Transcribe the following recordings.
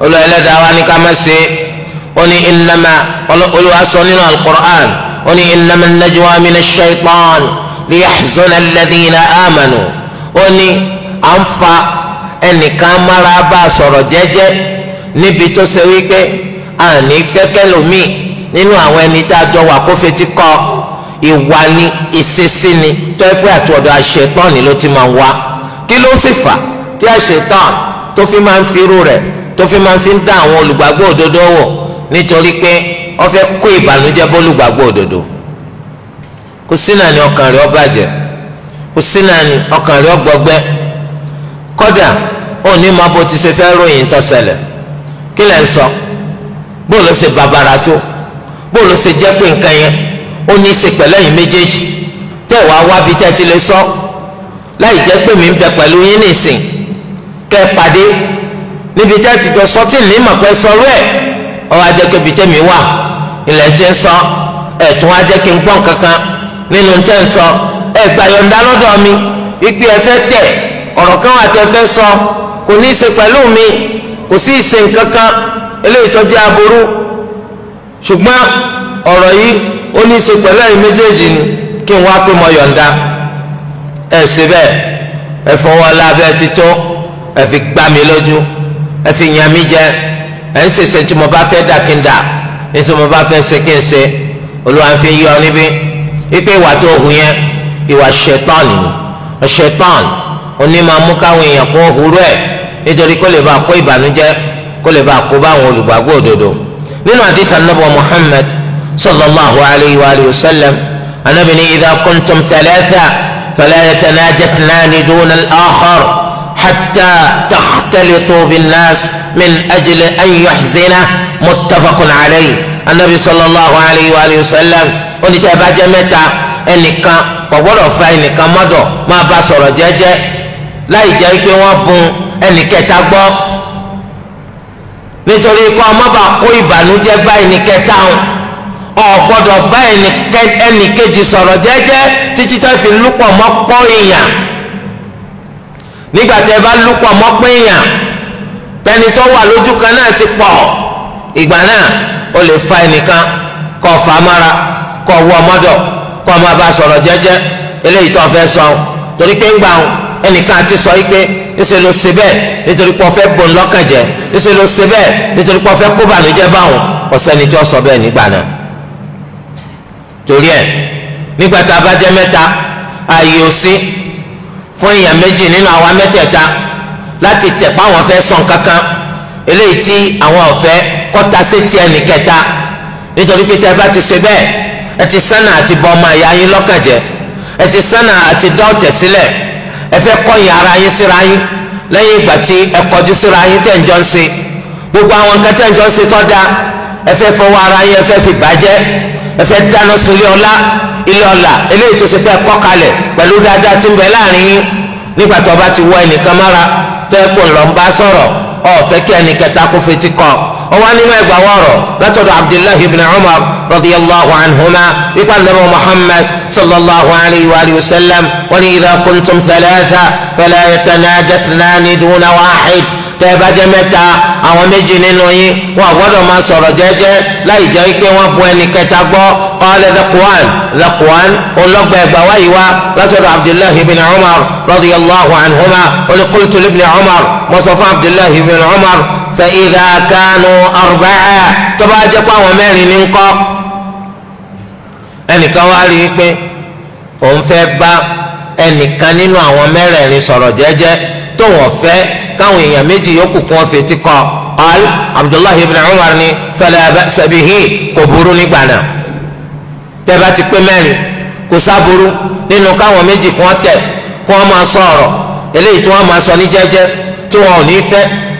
olùwà ẹlẹ́dàá wa ní ká má ṣe ó ní ìnáma olùwà sọ nínú alukur'an ó ní ìnáma najwa mina shaitan liyahzuna alladhina amanu ó ní à ń fa ẹnìkan mara bá a sọ̀rọ̀ jẹ́jẹ́ níbi tó ṣe wípé àní fẹ́kẹ́lómi nínú àwọn ẹni tá a jọ wà kó fetí kọ́ ìwà ni ìṣesí ni tó ẹ àṣetán ni ló ti máa wá kí ló sì fà tí àṣetán tó fi máa ń firú rẹ̀ tó fi máa fi ń dá àwọn olùgbàgbọ́ òdodo wọ̀ nítorí pé ọ fẹ́ kó ìbànújẹ́ bọ́ olùgbàgbọ́ òdodo kò sí náà ọkàn rẹ̀ ó bàjẹ́ kò ọkàn rẹ̀ gbọgbẹ́ ní máa bó ti ṣe fẹ́ ròyìn tó kí ń sọ bó méjèèjì tẹ́ wàá wá bí tẹ́ ti lè sọ láì jẹ́ pé mi pàdé níbi tẹ́ ti jọ sọ tí lèémà pẹ́ sọ̀rọ̀ ẹ̀ ọwọ́ ajẹ́ pé ibi tẹ́mi wà ilẹ̀ ti ń sọ ẹ̀tún ajẹ́ kí n pọ́n kankan nínú tẹ́ ń sọ ẹ̀gbà yọ̀ǹda lọ́dọ̀ mi ìpè ẹ̀fẹ́ tẹ̀ ọ̀rọ̀ kan wà tẹ́ fẹ́ sọ kò ní í ṣe pẹ̀lú mi kò sí ìṣe nǹkankan eléyìí tó jẹ́ aburú ṣùgbọ́n ọ̀rọ̀ yìí ó ní í ṣe pẹ̀lú ẹ̀yin méjèèjì ni kí n wá pé mo yọ̀ǹda ẹ̀ síbẹ̀ ẹ̀fọwọ́ lábẹ́ ti ẹ fi yàn mí jẹ ẹ ń ṣèṣe tí mo bá fẹ́ dà kí n dà ní tí mo bá fẹ́ ṣe kí n ṣe olúwa ń fi yọ níbí ipe ìwà tó hù yẹn ìwà ṣẹtọ́ọ̀nì ṣẹtọ́ọ̀n oní máa mú káwọn èèyàn kó hurú ẹ̀ nítorí kó lè bá kó ìbànújẹ́ kó lè bá kó báwọn olùgbàgbọ́ òdodo nínú àdìtà nàbọ Muhammad sallallahu alayhi wa sallam anabini idha kuntum thalatha fala yatanajathnani duna al-akhar hatta takhtalitu binnas min ajli an yuhzina muttafaqun alayhi anabi sallallahu alayhi wa sallam oníjà ìbàjẹ́ mẹ́ta ẹnìkan kò gbọ́dọ̀ fa ẹnìkan mọ́dọ̀ máa bá sọ̀rọ̀ jẹ́jẹ́ láì jẹ́ pé wọ́n bun ẹnìkẹta gbọ́ nítorí kó ọmọ bá kó ìbànújẹ́ bá ẹnìkẹta hàn ọ̀gbọ́dọ̀ bá ẹnìkejì sọ̀rọ̀ jẹ́jẹ́ títí tá fi lúpọ̀ mọ́ pọ́ èèyàn nígbà tẹ bá lùpọ̀ mọ́pẹ́yàn tẹni tó wà lójú kan náà ti pọ̀ ìgbà náà o lè fa ẹnìkan kọ fà á mára kọ wọ ọmọdọ̀ kọ ọmọ bá sọ̀rọ̀ jẹ́jẹ́ eléyìí tó fẹ́ sọ torí pé ń gbà wọn ẹnìkan àti sọ yìí pé ńṣe ló ṣe bẹ́ẹ̀ nítorí pé ọfẹ́ bò ń lọ́kàn jẹ́ ńṣe ló ṣe bẹ́ẹ̀ nítorí pé ọfẹ́ kó bànújẹ́ báwọn ọ̀sẹ́ni tí ó sọ bẹ́ẹ̀ nígbà náà. torí ẹ nígbà tá a bá jẹ́ mẹ́ta ààyè ò sí fún èèyàn méjì nínú àwa mẹ́tẹ̀ẹ̀ta láti tẹ̀pá àwọn fẹ́ sàn kankan eléyìí tí àwọn ọ̀fẹ́ kọ́ta sí tiẹ̀ nìkẹta nítorí pé tẹ́ bá ti ṣe bẹ́ẹ̀ ẹ ti sánà àti bọ ọmọ ìyá yín lọ́kàn jẹ́ ẹ ti sánà àti dá ọ̀tẹ̀ sílẹ̀ ẹ fẹ́ kọ̀yìn ara yín síra yín lẹ́yìn ìgbà tí ẹ kọjú síra yín tẹ̀ ń jọ ń ṣe gbogbo àwọn nǹkan tẹ̀ ń jọ ń ṣe tọ́ da ẹ fẹ́ fọwọ́ ara yín ẹ fẹ́ fi bàjẹ́ ẹfẹ dáná sunlé ọlá ilé ọlá eléyìí tó ṣe pé ẹkọ kalẹ̀ pẹ̀lú dáadáa tí ń bẹ láàrin yín nígbà tó o bá ti wọ ẹnìkan mára tó ẹkọ ńlọ ń bá sọ̀rọ̀ ọ̀fẹ́ kí ẹnìkẹta kó fetí kọ́ ọ nínú ẹgbà wọrọ látọ̀dọ̀ abdullahi ibn umar radiyallahu anhuma ipa nàbọ muhammad sallallahu alayhi wa sallam wọn ni idha kuntum thalatha fala yatanadathna duna wahid tẹ́ ẹ bá jẹ́ mẹ́ta àwọn méjì nínú yín wọn gbọ́dọ̀ máa sọ̀rọ̀ jẹ́jẹ́ láì jẹ́ pé wọ́n bu ẹnì kẹta gbọ́ qala dhakuwan dhakuwan olọgbà ẹgbà wáyé wa látọ̀dọ̀ abdullahi ibn umar radiyallahu anhuma olè qultu libni umar mọ̀sọ̀ fún abdullahi ibn umar fa idha kanu arba'a tó bá jẹ́ pé àwọn mẹ́rin ní ńkọ́ ẹnìkan wá rí i pé òun fẹ́ bá ẹnìkan nínú àwọn mẹ́rẹ̀ẹ̀rin sọ̀rọ̀ jẹ́jẹ́ tó wọ́n káwọn èèyàn méjì yòókù kún wọn fetí kọ́ al abdullahi ibn umar ni fala ba'sa kò burú nígbà náà tẹ́bá ti pé mẹ́rin kò sábúrú nínú káwọn méjì kún wọn tẹ̀ kún wọn máa sọ eléyìí tí máa sọ ní jẹjẹ tí wọn ò ní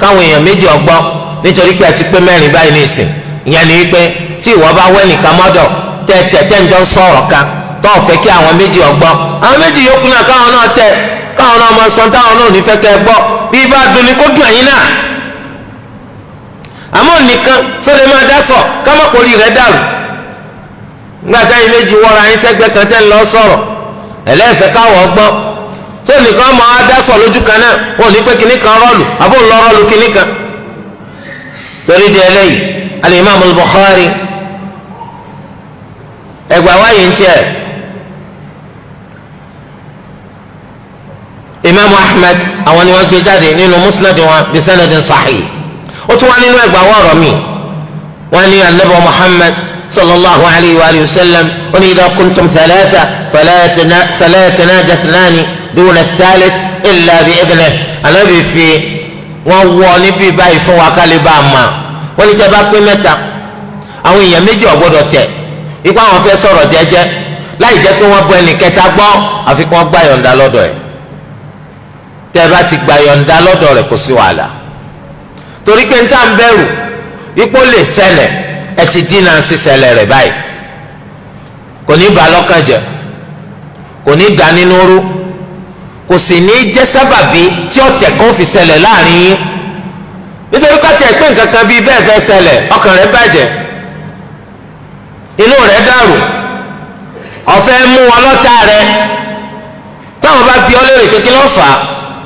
káwọn èèyàn méjì ọgbọ nítorí pé pé báyìí nìsín ìyẹn ni wípé tí ìwọ bá nìkan méjì ọgbọ. àwọn méjì yòókù náà káwọn táwọn náà máa sọ táwọn náà ò ní fẹ́ kẹ́ ẹ gbọ́ bí ibà dùn ni kó dùn ẹ̀yin náà àmọ́ nìkan tó lè máa dá sọ ká má pòrí rẹ̀ dàrú nígbà táyìn méjì wọ́ra yín sẹ́gbẹ́ kan tẹ́ ń lọ sọ̀rọ̀ ẹlẹ́fẹ̀ẹ́ káwọ̀ ọgbọ́n tó nìkan máa wá dá sọ lójú kan náà wọn ò ní pé kinní kan rọ́ọ̀lù àbó ń lọ rọ́ọ̀lù kinní kan torí di eléyìí al-Imam al-Bukhari ẹgbàá wáyé ń tiẹ̀ imaamu ahmed àwọn ni wọ́n gbé jáde nínú musnad wọn bí sanadin sahih ó tún wá nínú ẹgbàá wọ̀rọ̀ mi wọ́n ní anabi muhammad sallallahu alayhi wa sallam ó ní idha kuntum thalatha fala yatanaja ithnani duna thalith illa bi idhnihi anabi fi wọ́n wọ níbí báyìí fún wa kálí bá a ma wọ́n ní jábá pé mẹ́ta àwọn èèyàn méjì ò gbọ́dọ̀ ipá wọn fẹ́ sọ̀rọ̀ jẹ́jẹ́ láì jẹ́ pé wọ́n bọ ẹnì kẹta gbọ́ àfi kí wọ́n gbà yọ̀ǹda lọ́dọ̀ ẹ̀ tẹ́ ẹ bá ti gba yọ̀ǹda lọ́dọ̀ rẹ̀ kò sí wàhálà torí pé níta ń bẹ̀rù ipò lè ṣẹlẹ̀ ẹ ti dínà sí ṣẹlẹ̀ rẹ̀ báyìí kò ní bà lọ́kàn jẹ́ kò ní dà nínú rú kò sì ní jẹ́ sábàbí tí ọ̀tẹ̀ kan fi ṣẹlẹ̀ láàrin yín nítorí kọ́tẹ̀ pé nǹkan kan bíi bẹ́ẹ̀ fẹ́ ṣẹlẹ̀ ọkàn rẹ̀ bàjẹ́ inú rẹ̀ dàrú ọ̀fẹ́ mú wọn lọ́tà táwọn bá bi ọ́ lérè pé kí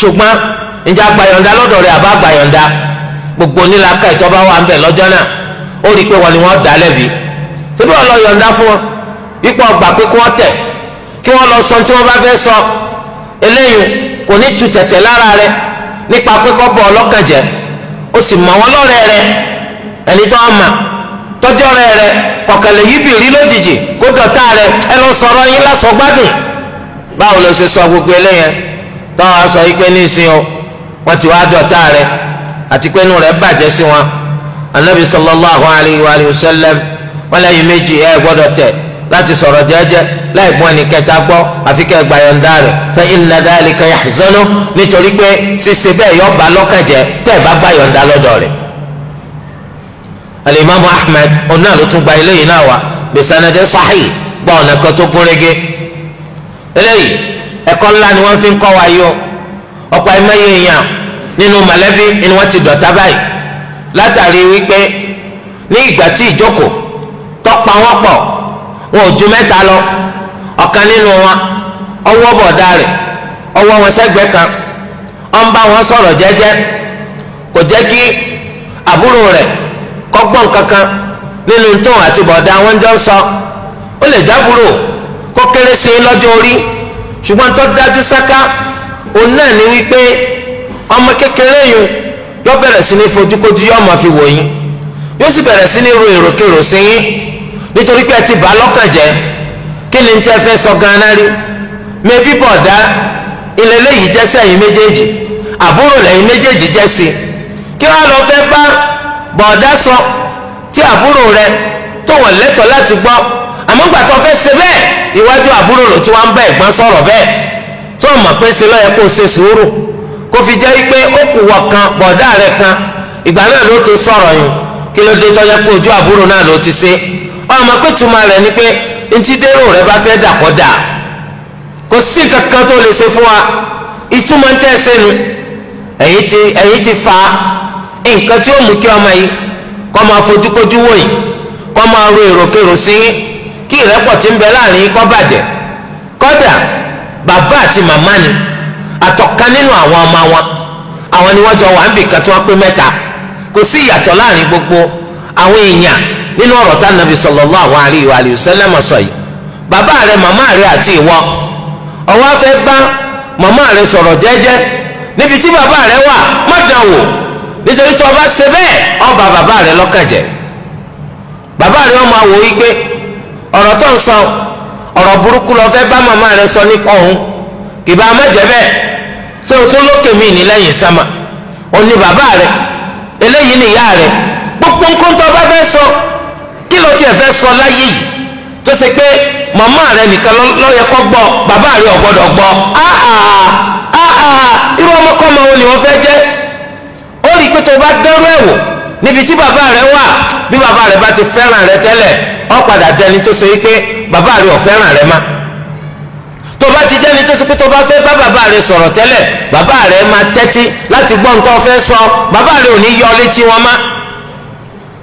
ṣùgbọ́n ǹjẹ́ agbayọ̀ǹda lọ́dọ̀ rẹ̀ àbá agbayọ̀ǹda gbogbo onílàákà ìtọ́ba wà ń bẹ̀ lọ́jọ́ náà ó rí i pé wọn ni wọ́n dá lẹ́bi síbí wọn lọ yọ̀ǹda fún wọn ipò ọgbà pé kí wọ́n lọ sọ tí wọ́n bá fẹ́ sọ eléyìí kò ní tẹ̀tẹ̀ lára nípa pé kọ́ bọ̀ ọlọ́kàn jẹ́ sì mọ̀ ẹni tó táwọn aṣọ yìí pé ní ìsìn o wọ́n ti wá dọ̀tá rẹ̀ àti pé inú rẹ̀ bàjẹ́ sí wọn anabi sallallahu alayhi wa sallam wọn lẹ́yìn méjì ẹ gbọ́dọ̀ tẹ̀ láti sọ̀rọ̀ jẹ́jẹ́ láì gbọ́n ẹni kẹta gbọ́ àfi kẹ́ gbayọ̀ǹda rẹ̀ fa inna dhalika yahzanu nítorí pé ṣíṣe bẹ́ẹ̀ yọ bá lọ́kàn tẹ́ bá gbayọ̀ǹda lọ́dọ̀ rẹ̀. alimami ahmed ọ̀nà ló tún gba eléyìí náà wá bisanadé sahih gbọ́ ọ̀nà kan tó gún eléyìí ẹ̀kọ́ ńlá ni wọ́n fi ń kọ́ wa yọ ọ̀pọ̀ ẹ̀mẹ́yẹ èèyàn nínú mọ̀lẹ́bí ni wọ́n ti dọ̀tá báyìí látàrí wípé ní ìgbà tí ìjókòó wọn ju mẹ́ta lọ ọkan nínú wọn ọwọ́ bọ̀dá rẹ ọwọ́ wọn sẹgbẹ kan bá wọn kò kí àbúrò kankan nínú tóun àti wọn jọ sọ ó lè jábúrò kó ṣùgbọ́n tó dájú sáká òun náà ni wípé ọmọ kékeré yìí yóò bẹ̀rẹ̀ sí ní fojúkojú yóò máa fi wò yín yóò sì bẹ̀rẹ̀ sí ní ro èròkèrò sí yín nítorí pé ẹ ti bà lọ́kàn jẹ́ kí ni tẹ́ fẹ́ sọ gan-an rí mi bíbọ̀ dá ilé léyìí jẹ́ sẹ́yìn méjèèjì àbúrò lẹ́yìn méjèèjì jẹ́ sí kí wọ́n lọ fẹ́ bá bọ̀dá sọ tí àbúrò rẹ tó wọ́n lẹ́tọ̀ọ́ láti gbọ́ àmọ́ gbà tó fẹ́ ṣe bẹ́ẹ̀ iwájú àbúrò ló ti wá ń bá ẹ̀gbọ́n sọ̀rọ̀ bẹ́ẹ̀ tó mọ̀ pé ṣe lọ́yẹ kó ṣe sùúrù kó fi jẹ́ pé ó kù wọ̀ kan bọ̀dá rẹ̀ kan ìgbà náà ló tó sọ̀rọ̀ yìí kí ló dé tọ́jà pé ojú àbúrò náà ló ti ṣe ọmọ pé tuma rẹ̀ ni pé ntí dérò rẹ̀ bá fẹ́ dàkọ́ dà kò sí kankan tó lè ṣe fún wa ìtumọ̀ ń tẹ̀sẹ̀ nu ẹ̀yin ti fa nǹkan tí ó mú kí ọmọ yìí kọ́ máa fojúkojú wò kọ́ máa ro èròkèrò sí yìí kí ìrẹ́pọ̀ ti ń bẹ láàrin yín bàjẹ́ bàbá àti màmá ni nínú àwọn ọmọ wọn àwọn ni wọ́n jọ wà ń tí wọ́n pé mẹ́ta kò sí ìyàtọ̀ láàrin gbogbo àwọn èèyàn nínú ọ̀rọ̀ tá nàbì àwọn alaihi sọ yìí bàbá àti ìwọ ọwọ́ bá màmá rẹ sọ̀rọ̀ jẹ́jẹ́ níbi tí bàbá wà má nítorí ọba ṣe bẹ́ẹ̀ bàbá rẹ lọ́kàn bàbá rẹ ọmọ àwòrán gbé ọ̀rọ̀ tó ń sọ ọ̀rọ̀ burúkú lọ fẹ́ bá màmá rẹ sọ nípa òun kì bá ṣé o tún lókè mí ní lẹ́yìn sámà ni bàbá rẹ eléyìí ni ìyá rẹ gbogbo nǹkan tó bá fẹ́ sọ kí ló tiẹ̀ fẹ́ sọ láyé yìí tó ṣe pé màmá rẹ nìkan yẹ gbọ́ bàbá rẹ gbọ́ wo ni wọ́n fẹ́ jẹ́ ó rí i pé tó níbi tí bàbá rẹ wà bí bàbá rẹ bá ti fẹ́ràn rẹ tẹ́lẹ̀ ó padà dẹni tó ṣe pé bàbá rẹ ò fẹ́ràn rẹ má tó bá ti jẹ́ni tó ṣe pé tó bá fẹ́ bá bàbá rẹ sọ̀rọ̀ tẹ́lẹ̀ bàbá rẹ máa tẹ́tí láti gbọ́ nǹkan fẹ́ sọ bàbá rẹ ò ní yọ létí wọn má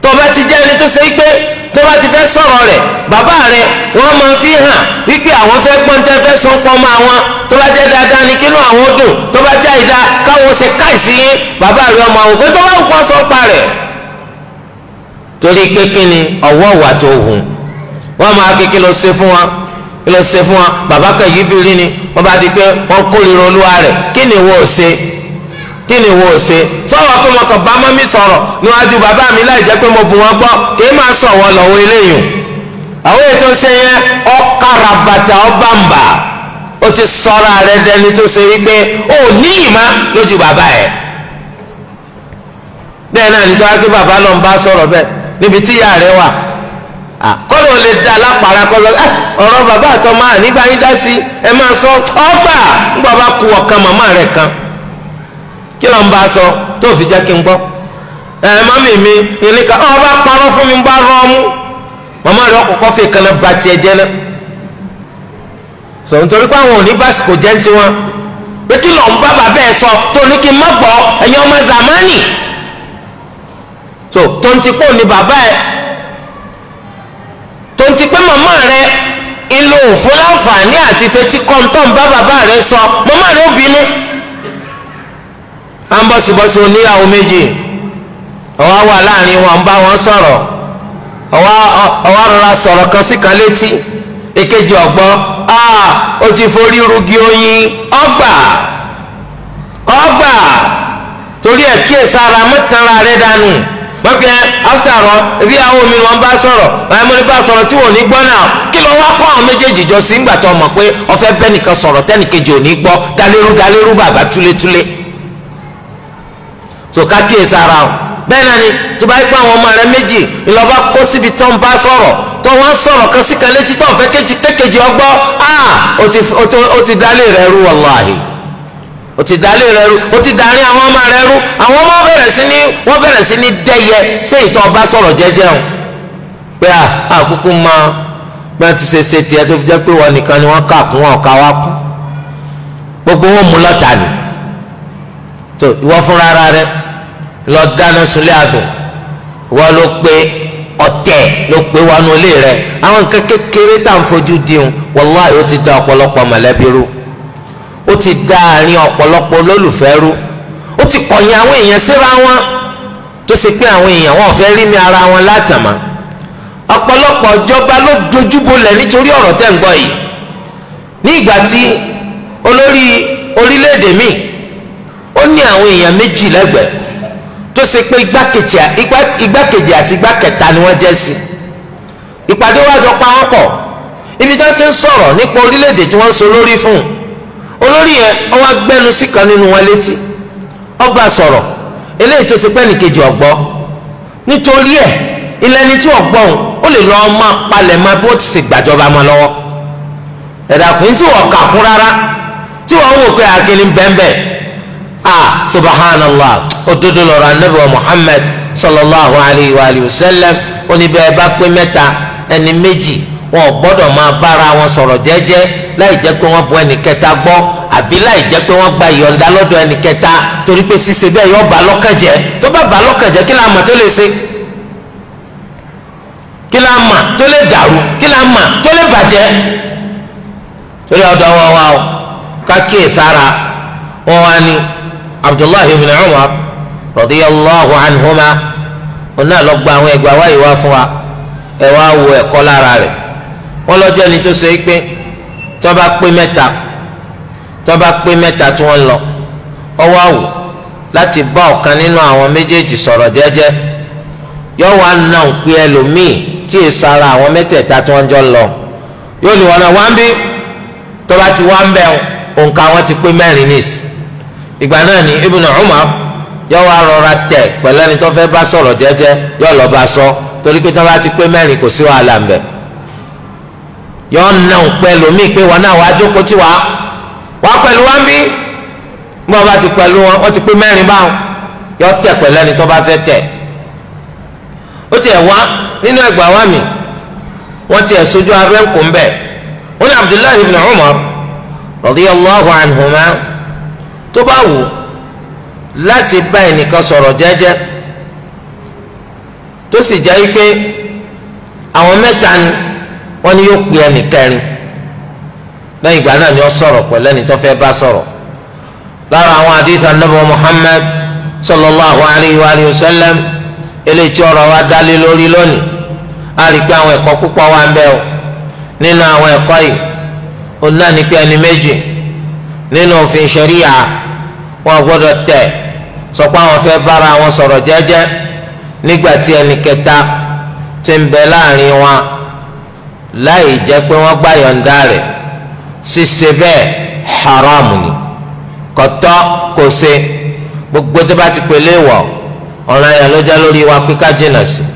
tó bá ti jẹ́ni tó ṣe pé tó bá ti fẹ́ sọ̀rọ̀ rẹ̀ bàbá rẹ̀ wọ́n máa fi hàn wípé àwọn fẹ́ pọ́ńtẹ́ fẹ́ sọ pọ́ máa wọn tó bá jẹ́ dáadáa ni kínú àwọn dùn tó bá jẹ́ ìdá káwọn ṣe káìsí yín bàbá rẹ̀ ọmọ àwọn òpin tó bá ń kọ́ sọ́pa rẹ̀ torí pé kí ni ọwọ́ wà tó hùn wọ́n máa kí kí ló ṣe fún wa kí ló ṣe fún wa bàbá kan yìí bìrì ni wọ́n bá di pé wọ́n kórìíra olúwa rẹ̀ kí ni wọ́n ṣe kí ni wọ́n ṣe sọ́wọ́ pé mo kàn bá mọ́mí sọ̀rọ̀ níwájú bàbá mi láì jẹ́ pé mo bù wọ́n gbọ́ kì í máa sọ̀wọ́ lọ́wọ́ eléyìí àwọn ètò ṣe yẹn ọ̀kàrà bàtà ọ̀bàǹbà ó ti sọ́ra rẹ̀ dẹni tó ṣe wípé ó ní ìmá lójú bàbá ẹ̀ bẹ́ẹ̀ náà nítorí pé bàbá lọ́n bá sọ̀rọ̀ bẹ́ẹ̀ níbi tí ìyá rẹ wà kọ́lọ̀ lè da lápára kọ́lọ̀ ẹ eh, ọ̀rọ̀ bàbá àtọ́ máa nígbà yín dá sí ẹ máa sọ ọgbà ńgbà bá ku ọ̀kan màmá rẹ̀ kan kí ló ń bá a sọ tó fi jẹ́ kí n gbọ́ ẹ eh, mọ́mì mi ìníkà ọ bá parọ́ fún mi bá rọ́ ọmú màmá rẹ̀ ọkọ̀ọ̀kọ́ fi kan náà ba tiẹ̀ jẹ́ náà sọ nítorí pé àwọn òní básìkò jẹ́ ń tiwọn pé kí ló ń bá bàbá ẹ sọ tó ní kí n má gbọ́ ẹ̀yin ọmọ zamani so tonti pò ní bàbá ẹ mama pé ilo rẹ ìlò òfò láǹfààní àti fetí kọ́ńtọ́n bá bàbá rẹ sọ màmá rẹ ó bínú à ń bọ̀sibọ̀si oníyàwó méjì ọwọ́ wà láàrin wọn ń bá wọn sọ̀rọ̀ ọwọ́ rọra sọ̀rọ̀ kan sí kan létí èkejì ọ̀gbọ́n a ó ti forí rugi oyin ọgbà ọgbà torí ẹ̀ kíyèsára mọ́tara rẹ dànù. wọ́n pẹ́ after all ebi àwọn omi wọn bá sọ̀rọ̀ ẹ̀ mo ní bá sọ̀rọ̀ tí wọ́n ní gbọ́ náà kí ló kọ́ àwọn méjèèjì jọ sí ńgbà tó mọ̀ pé ọ̀fẹ́ bẹ́nìkan sọ̀rọ̀ tẹ́nìkejì ò ní gbọ́ bàbá túlétúlé tó ká ara o bẹ́ẹ̀ náà ni tó bá àwọn ọmọ rẹ méjì kó síbi tó ń bá sọ̀rọ̀ tó wọ́n sọ̀rọ̀ kan létí tó o ti dalé rẹ rú o ti darí àwọn ọmọ rẹ rú àwọn ọmọ bẹ̀rẹ̀ sí ní wọ́n bẹ̀rẹ̀ sí ní dẹ́yẹ sí ìtọ́ ọba sọ̀rọ̀ jẹ́jẹ́ o pé à àkúkú ma bí wọ́n ti ṣe ṣe tiẹ̀ tó fi jẹ́ pé wọn nìkan ni wọ́n kà kún wọn ọ̀ka wá kú gbogbo wọn mú lọ́tà ni tó ìwọ fúnra ara rẹ lọ dáná sunlé àdùn wọ́n ló pé ọ̀tẹ̀ ló pé wọnú ilé rẹ àwọn nǹkan kékeré tá à ń fojú diun wàláhì ó ti da ọ̀pọ̀lọpọ̀ mọ̀lẹ́bí rú ó ti da àárín ọ̀pọ̀lọpọ̀ olólùfẹ́ rú ó ti kọ̀yìn àwọn èèyàn síra wọn tó ṣe pé àwọn èèyàn wọn ò fẹ́ rí ní ara wọn látàmá ọ̀pọ̀lọpọ̀ ìjọba ló dojúbolẹ̀ nítorí ọ̀rọ̀ tẹ̀ ń gbọ́ yìí ní ìgbà tí olórí orílẹ̀-èdè míì ó ní àwọn èèyàn méjì lẹ́gbẹ̀ẹ́ tó ṣe pé igbákejì àti igbákẹta ni wọ́n jẹ́ sí ìpàdé wájọ pa wọ́n pọ̀ ibi tí wọ́n ti ń sọ̀rọ̀ nípa orílẹ̀-èdè tí wọ́n ń so lórí fún un olórí yẹn ọwa gbẹnu gbẹ́nu kan nínú wọn létí ó bá sọ̀rọ̀ eléyìí tó ṣe pẹ́ẹ́nì kejì ọ̀gbọ́ nítorí ẹ̀ ilẹ̀ ẹni tí ọ̀gbọ́ òun ó lè lọ́ọ́ máa palẹ̀ máa bí wọ́n ti ṣe gbàjọba mọ́ lọ́wọ́ ẹ̀dàkùn tí wọ́n a subhanallah òdodo anabi wa muhammad sallallahu alayhi wa alayhi wa sallam oníbẹ̀ẹ́ bá pé mẹ́ta ẹni méjì wọn gbọ́dọ̀ máa bára wọn sọ̀rọ̀ jẹ́jẹ́ láì jẹ́ pé wọ́n bu ẹnì kẹta gbọ́ àbí láì jẹ́ pé wọ́n gba ìyọ̀ǹda lọ́dọ̀ ẹnì kẹta torí pé ṣíṣe bẹ́ẹ̀ yọ bà lọ́kàn jẹ́ tó bá bà lọ́kàn jẹ́ kí la mọ̀ tó lè ṣe kí la mọ̀ tó lè dàrú kí la mọ̀ tó lè bàjẹ́ torí ọ̀dọ̀ wọn wá o ká kíyè sára wọn wá ní Abdullahi ibn Umar radiyallahu anhuma ọ̀nà lọ́gbà àwọn ẹgbàá wáyé wá fún wa ẹ wá wo ẹ̀kọ́ lára rẹ̀ wọ́n lọ́jọ́ ni tó ṣe é pé tó bá pé mẹ́ta tó bá pé mẹ́ta tí wọ́n lọ ọwọ́ àwò láti bá ọ̀kan nínú àwọn méjèèjì sọ̀rọ̀ jẹ́jẹ́ yóò wá nà ń pe ẹlòmíì tí ì sara àwọn mẹ́tẹ̀ẹ̀ta tí wọ́n jọ lọ yóò lè wọ́n wá ń bí tó ti wá ń bẹ̀ òǹkà wọn ti pé mẹ́rin nìsí ìgbà náà ni Ibn Umar yóò wá rọra tẹ̀ pẹ̀lú ẹni tó fẹ́ bá sọ̀rọ̀ jẹ́jẹ́ yóò lọ bá sọ torí pé tó ti pé mẹ́rin kò sí wàhálà ń bẹ̀ yọ ọ́n náà pẹ̀lú mi pé wọn náà wàá jókòó tí wàá wàá pẹ̀lú wọn bí gbọ́n bá ti pẹ̀lú wọn wọ́n ti pé mẹ́rin báwọn yọ tẹ̀ pẹ̀lú ẹni tó bá fẹ́ tẹ̀ ó tiẹ̀ wá nínú ẹgbà wa mi wọ́n tiẹ̀ sojú abẹ́ ńkùn bẹ́ẹ̀ wọ́n Abdullahi ibn Umar radiyallahu anhuma tó bá wù láti bá ẹnìkan sọ̀rọ̀ jẹ́jẹ́ tó sì jẹ́ pé àwọn mẹ́ta ni wọ́n ní yóò pe ẹnì kẹrin lẹ́yìn ìgbà náà ni ó sọ̀rọ̀ pẹ̀lú ẹni tó fẹ́ bá sọ̀rọ̀ lára àwọn àdìsí Ànábì Muhammad sallallahu alayhi wa alihi wa sallam eléyìí tí wa dálé lórí lónìí a rí pé àwọn ẹ̀kọ́ púpọ̀ wà ń bẹ o nínú àwọn ẹ̀kọ́ yìí òun náà ní pé ẹni méjì nínú òfin ṣẹríya wọn gbọ́dọ̀ tẹ sọ pé àwọn fẹ́ bára àwọn sọ̀rọ̀ jẹ́jẹ́ nígbà tí ẹnì kẹta ti ń bẹ láàrin wọn láì jẹ́ pé wọ́n gbà yọ̀ǹda rẹ̀ ṣíṣe bẹ́ẹ̀ haram ni kò tọ́ kò ṣe gbogbo tó bá ti pèlè wọ̀ ọ̀ràn yẹn ló jẹ́ lórí wa pé ká jìnnà sí